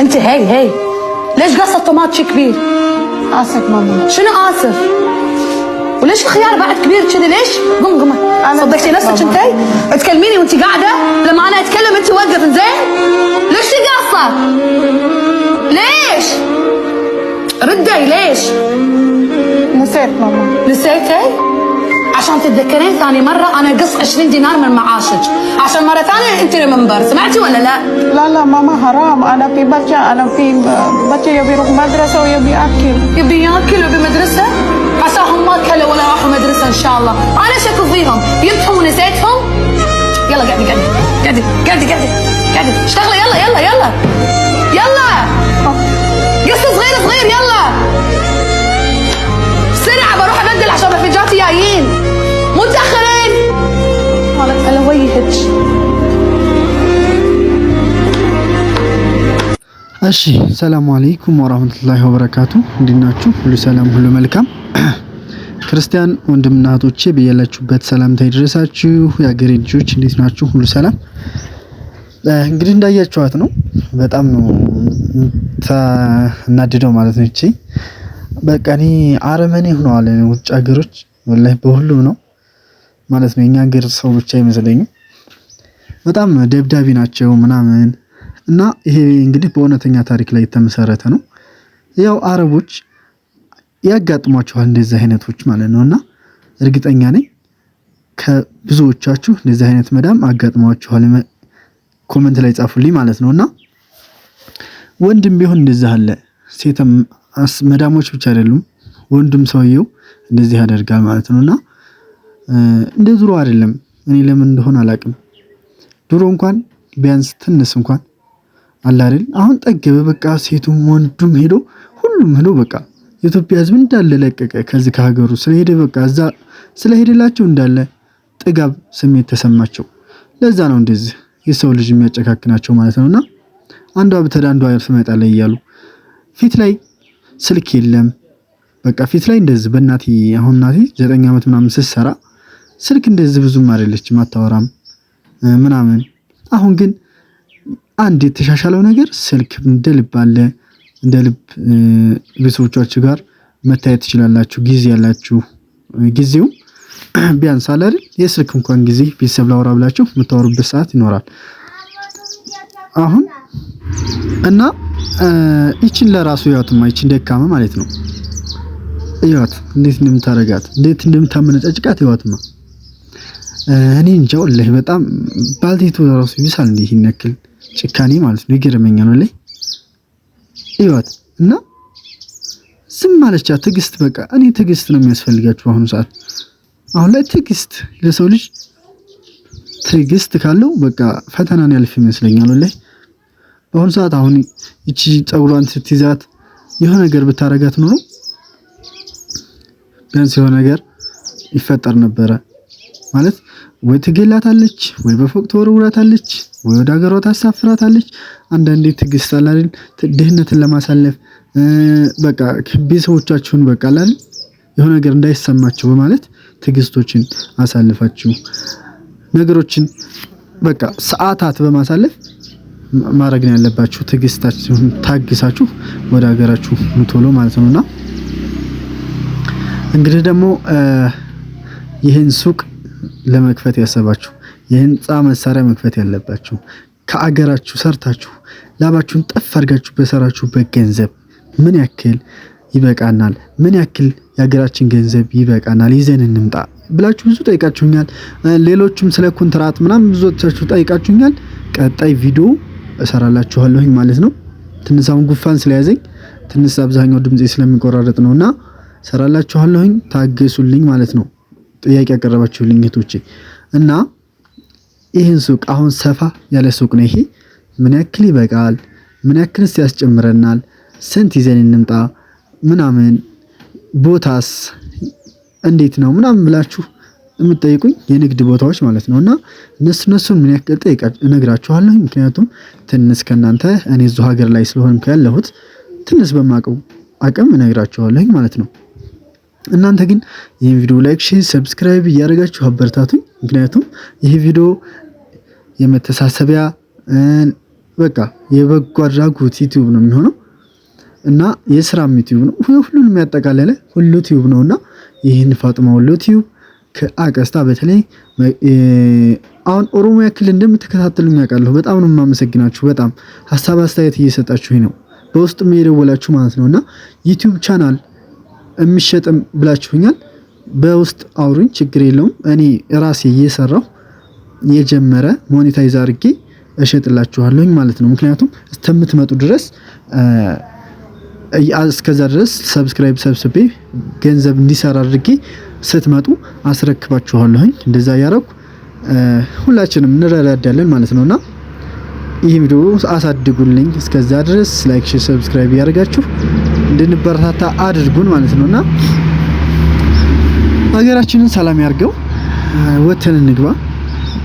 انت هي هي ليش طماط شي كبير اسف ماما شنو اسف وليش الخيار بعد كبير كذي ليش قمقمه صدقتي نفسك انت؟ تكلميني وانت قاعده لما انا اتكلم انت وقف زين ليش قصه؟ ليش ردي ليش نسيت ماما نسيتي عشان تتذكرين ثاني مرة أنا قص 20 دينار من معاشك عشان مرة ثانية أنت ريمبر سمعتي ولا لا؟ لا لا ماما حرام أنا في بچة أنا في بچة يبي يروح مدرسة ويبي يأكل يبي يأكل ويبي مدرسة؟ عساهم ما أكلوا ولا راحوا مدرسة إن شاء الله أنا شكو فيهم جبتهم ونسيتهم يلا قعدي قعدي قعدي قعدي قعدي اشتغلي يلا يلا يلا እሺ ሰላሙ አለይኩም ወራህመቱላሂ ወበረካቱ። ናችሁ ሁሉ ሰላም፣ ሁሉ መልካም ክርስቲያን ወንድምና እህቶቼ በያላችሁበት ሰላምታ ይድረሳችሁ። የአገሬ ልጆች እንዴት ናችሁ? ሁሉ ሰላም። እንግዲህ እንዳያችኋት ነው፣ በጣም ነው ተናድደው ማለት ነው። እቺ በቃ እኔ አረመኔ ሆነዋል። ውጭ ሀገሮች ወላሂ በሁሉም ነው ማለት ነው። የኛ ሀገር ሰው ብቻ አይመስለኝም። በጣም ደብዳቢ ናቸው ምናምን እና ይሄ እንግዲህ በእውነተኛ ታሪክ ላይ የተመሰረተ ነው። ያው አረቦች ያጋጥሟችኋል እንደዚህ አይነቶች ማለት ነው እና እርግጠኛ ነኝ ከብዙዎቻችሁ እንደዚህ አይነት መዳም አጋጥሟችኋል። ኮመንት ላይ ጻፉልኝ ማለት ነው እና ወንድም ቢሆን እንደዚህ አለ። ሴትም መዳሞች ብቻ አይደሉም፣ ወንድም ሰውየው እንደዚህ ያደርጋል ማለት ነው እና እንደ ድሮ አይደለም። እኔ ለምን እንደሆነ አላውቅም። ድሮ እንኳን ቢያንስ ትንስ እንኳን አለ አይደል? አሁን ጠገበ። በቃ ሴቱም ወንዱም ሄዶ ሁሉም ሄዶ በቃ የኢትዮጵያ ሕዝብ እንዳለ ለቀቀ። ከዚህ ከሀገሩ ስለሄደ በቃ እዛ ስለሄደላቸው እንዳለ ጥጋብ ስሜት ተሰማቸው። ለዛ ነው እንደዚህ የሰው ልጅ የሚያጨካክናቸው ማለት ነውና አንዷ ብትሄድ አንዷ ትመጣ ላይ እያሉ ፊት ላይ ስልክ የለም በቃ ፊት ላይ እንደዚህ በእናቴ አሁን እናቴ ዘጠኝ ዓመት ምናምን ስትሰራ ስልክ እንደዚህ ብዙም አይደለችም አታወራም። ምናምን። አሁን ግን አንድ የተሻሻለው ነገር ስልክ እንደ ልብ አለ። እንደ ልብ ቤተሰቦቻችሁ ጋር መታየት ትችላላችሁ። ጊዜ ያላችሁ ጊዜውም ቢያንስ አለ አይደል የስልክ እንኳን ጊዜ ቤተሰብ ላውራ ብላችሁ የምታወሩበት ሰዓት ይኖራል። አሁን እና ይችን ለራሱ ያትማ ይችን ደካመ ማለት ነው ያት እንዴት እንደምታረጋት እንዴት እንደምታመነጫጭቃት ያትማ እኔ እንጃ ወላሂ በጣም ባልቴቱ ራሱ ይብሳል። እንዴ ይነክል ጭካኔ ማለት ነው ይገርመኛል። ወላሂ ይወት እና ዝም ማለቻ ትዕግስት፣ በቃ እኔ ትዕግስት ነው የሚያስፈልጋችሁ በአሁኑ ሰዓት። አሁን ላይ ትዕግስት ለሰው ልጅ ትዕግስት ካለው በቃ ፈተናን ያልፍ ይመስለኛል። ወላሂ በአሁኑ ሰዓት አሁን ይቺ ጸጉሯን ስትይዛት የሆነ ነገር ብታረጋት ኖሮ ቢያንስ የሆነ ነገር ይፈጠር ነበረ ማለት ወይ ትገላታለች፣ ወይ በፎቅ ትወርውራታለች፣ ወይ ወደ ሀገሯ ታሳፍራታለች። አንዳንዴ ትግስት አላልን ድህነትን ለማሳለፍ በቃ ቤተሰቦቻችሁን በቃ አላልን የሆነ ነገር እንዳይሰማችሁ በማለት ትግስቶችን አሳልፋችሁ ነገሮችን በቃ ሰዓታት በማሳለፍ ማድረግ ነው ያለባችሁ። ትግስታችሁን ታግሳችሁ ወደ ሀገራችሁ ቶሎ ማለት ነውና እንግዲህ ደግሞ ይህን ሱቅ ለመክፈት ያሰባችሁ የህንፃ መሳሪያ መክፈት ያለባችሁ ከአገራችሁ ሰርታችሁ ላባችሁን ጠፍ አድርጋችሁ በሰራችሁበት ገንዘብ ምን ያክል ይበቃናል፣ ምን ያክል የሀገራችን ገንዘብ ይበቃናል፣ ይዘን እንምጣ ብላችሁ ብዙ ጠይቃችሁኛል። ሌሎችም ስለ ኮንትራት ምናምን ብዙዎቻችሁ ጠይቃችሁኛል። ቀጣይ ቪዲዮ እሰራላችኋለሁኝ ማለት ነው። ትንሽ አሁን ጉፋን ስለያዘኝ ትንሽ አብዛኛው ድምፅ ስለሚቆራረጥ ነው እና እሰራላችኋለሁኝ። ታገሱልኝ ማለት ነው። ጥያቄ ያቀረባችሁ ልኝቶች እና ይህን ሱቅ አሁን ሰፋ ያለ ሱቅ ነው ይሄ። ምን ያክል ይበቃል? ምን ያክልስ ያስጨምረናል? ስንት ይዘን እንምጣ? ምናምን ቦታስ እንዴት ነው ምናምን ብላችሁ የምትጠይቁኝ የንግድ ቦታዎች ማለት ነው እና እነሱ እነሱን ምን ያክል ጠይቃ እነግራችኋለሁ። ምክንያቱም ትንስ ከእናንተ እኔ እዚሁ ሀገር ላይ ስለሆንኩ ያለሁት ትንስ በማቀው አቅም እነግራችኋለሁኝ ማለት ነው። እናንተ ግን ይህን ቪዲዮ ላይክ፣ ሼር፣ ሰብስክራይብ እያደረጋችሁ አበረታቱኝ። ምክንያቱም ይህ ቪዲዮ የመተሳሰቢያ በቃ የበጎ አድራጎት ዩቲዩብ ነው የሚሆነው እና የስራም ዩቲዩብ ነው፣ ሁሉንም ያጠቃለለ ሁሉ ዩቲዩብ ነው እና ይህን ፋጥማ ሁሉ ዩቲዩብ ከአቀስታ በተለይ አሁን ኦሮሚያ ክልል እንደምትከታተሉ ያውቃለሁ። በጣም ነው የማመሰግናችሁ። በጣም ሀሳብ አስተያየት እየሰጣችሁ ነው፣ በውስጥ የደወላችሁ ማለት ነው እና ዩቲዩብ ቻናል የሚሸጥም ብላችሁኛል። በውስጥ አውሩኝ፣ ችግር የለውም። እኔ ራሴ እየሰራሁ የጀመረ ሞኔታይዝ አድርጌ እሸጥላችኋለሁኝ ማለት ነው። ምክንያቱም እስከምትመጡ ድረስ እስከዛ ድረስ ሰብስክራይብ ሰብስቤ ገንዘብ እንዲሰራ አድርጌ ስትመጡ አስረክባችኋለሁኝ። እንደዛ እያረኩ ሁላችንም እንረዳዳለን ማለት ነው እና ይህ ቪዲዮ አሳድጉልኝ። እስከዛ ድረስ ላይክ፣ ሼር፣ ሰብስክራይብ እያደርጋችሁ? እንድንበረታታ አድርጉን ማለት ነው እና ሀገራችንን ሰላም ያርገው። ወተን እንግባ።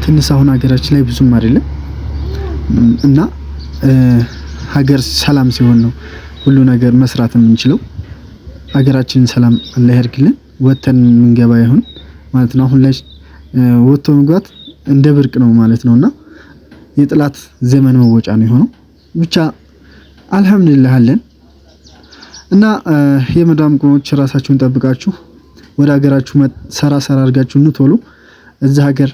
ትንስ አሁን ሀገራችን ላይ ብዙም አይደለም እና ሀገር ሰላም ሲሆን ነው ሁሉ ነገር መስራት የምንችለው። ሀገራችንን ሰላም አላህ ያርግልን። ወተን የምንገባ ይሁን ማለት ነው። አሁን ላይ ወጥቶ መግባት እንደ ብርቅ ነው ማለት ነው እና የጥላት ዘመን መወጫ ነው የሆነው። ብቻ አልሐምዱሊላህ አለን። እና የመዳም ቆሞች ራሳችሁን ጠብቃችሁ ወደ ሀገራችሁ ሰራ ሰራ አድርጋችሁ እንትወሉ እዛ ሀገር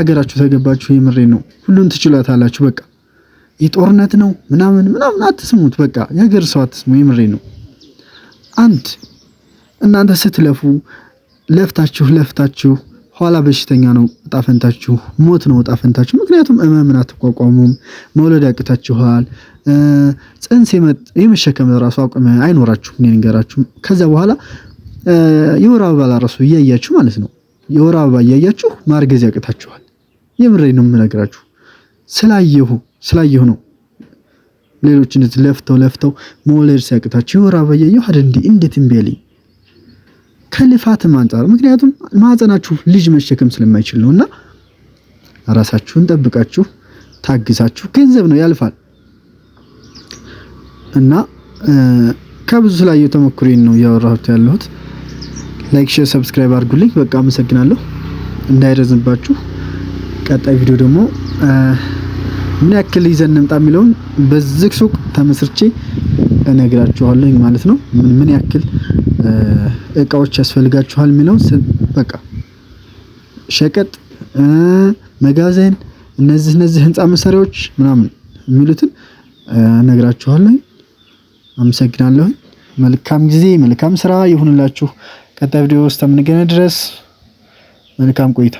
አገራችሁ ተገባችሁ። የምሬ ነው። ሁሉን ትችሏታላችሁ በቃ የጦርነት ነው ምናምን ምናምን አትስሙት። በቃ የሀገር ሰው አትስሙ። የምሬ ነው። አንድ እናንተ ስትለፉ ለፍታችሁ ለፍታችሁ ኋላ በሽተኛ ነው እጣፈንታችሁ፣ ሞት ነው እጣፈንታችሁ። ምክንያቱም እመምን አትቋቋሙም፣ መውለድ ያቅታችኋል፣ ጽንስ የመሸከም ራሱ አቅም አይኖራችሁ። እኔ ንገራችሁ ከዚያ በኋላ የወር አበባ ራሱ እያያችሁ ማለት ነው የወር አበባ እያያችሁ ማርገዝ ያቅታችኋል። የምሬ ነው የምነግራችሁ ስላየሁ ስላየሁ ነው። ሌሎች ለፍተው ለፍተው መውለድ ሲያቅታችሁ የወር አበባ እያየሁ አይደል እንዴት እምቢ አለኝ። ከልፋትም አንጻር ምክንያቱም ማህፀናችሁ ልጅ መሸከም ስለማይችል ነው እና ራሳችሁን ጠብቃችሁ ታግሳችሁ ገንዘብ ነው ያልፋል እና ከብዙ ስላየሁ ተሞክሬን ነው እያወራሁት ያለሁት። ላይክ፣ ሼር፣ ሰብስክራይብ አድርጉልኝ። በቃ አመሰግናለሁ። እንዳይረዝምባችሁ ቀጣይ ቪዲዮ ደግሞ ምን ያክል ይዘን እንምጣ የሚለውን በዚህ ሱቅ ተመስርቼ እነግራችኋለሁ ማለት ነው። ምን ያክል እቃዎች ያስፈልጋችኋል የሚለው በቃ ሸቀጥ፣ መጋዘን፣ እነዚህ እነዚህ ህንፃ መሳሪያዎች ምናምን የሚሉትን እነግራችኋለሁ። አመሰግናለሁ። መልካም ጊዜ፣ መልካም ስራ ይሁንላችሁ። ቀጣይ ቪዲዮ ውስጥ እስከምንገናኝ ድረስ መልካም ቆይታ